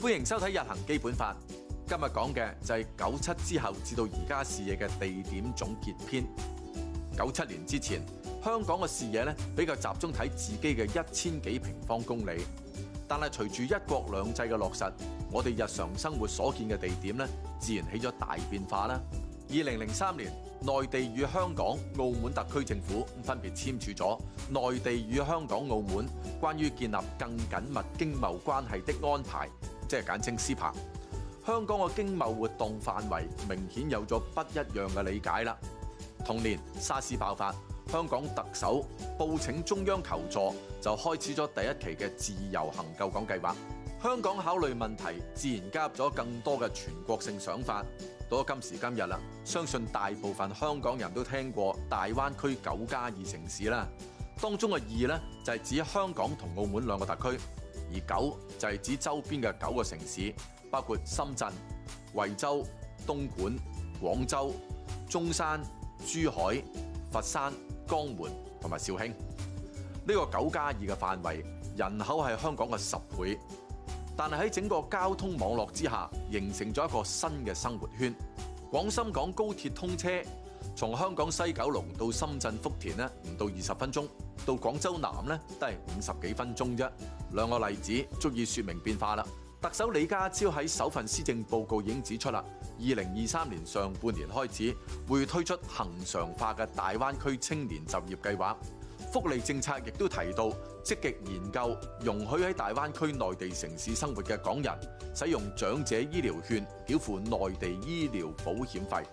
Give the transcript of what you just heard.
歡迎收睇《日行基本法》。今日講嘅就係九七之後至到而家視野嘅地點總結篇。九七年之前，香港嘅視野咧比較集中喺自己嘅一千幾平方公里，但係隨住一國兩制嘅落實，我哋日常生活所見嘅地點咧自然起咗大變化啦。二零零三年，內地與香港、澳門特區政府分別簽署咗內地與香港、澳門關於建立更緊密經貿關係的安排。即係簡稱絲柏，香港嘅經貿活動範圍明顯有咗不一樣嘅理解啦。同年沙士爆發，香港特首報請中央求助，就開始咗第一期嘅自由行救港計劃。香港考慮問題自然加入咗更多嘅全國性想法。到咗今時今日啦，相信大部分香港人都聽過大灣區九加二城市啦，當中嘅二呢，就係、是、指香港同澳門兩個特區。而九就係指周邊嘅九個城市，包括深圳、惠州、東莞、廣州、中山、珠海、佛山、江門同埋肇慶。呢個九加二嘅範圍人口係香港嘅十倍，但係喺整個交通網絡之下形成咗一個新嘅生活圈。廣深港高鐵通車。從香港西九龍到深圳福田咧，唔到二十分鐘；到廣州南咧，都係五十幾分鐘啫。兩個例子足以說明變化啦。特首李家超喺首份施政報告已經指出啦，二零二三年上半年開始會推出恒常化嘅大灣區青年就業計劃。福利政策亦都提到，積極研究容許喺大灣區內地城市生活嘅港人，使用長者醫療券繳付內地醫療保險費。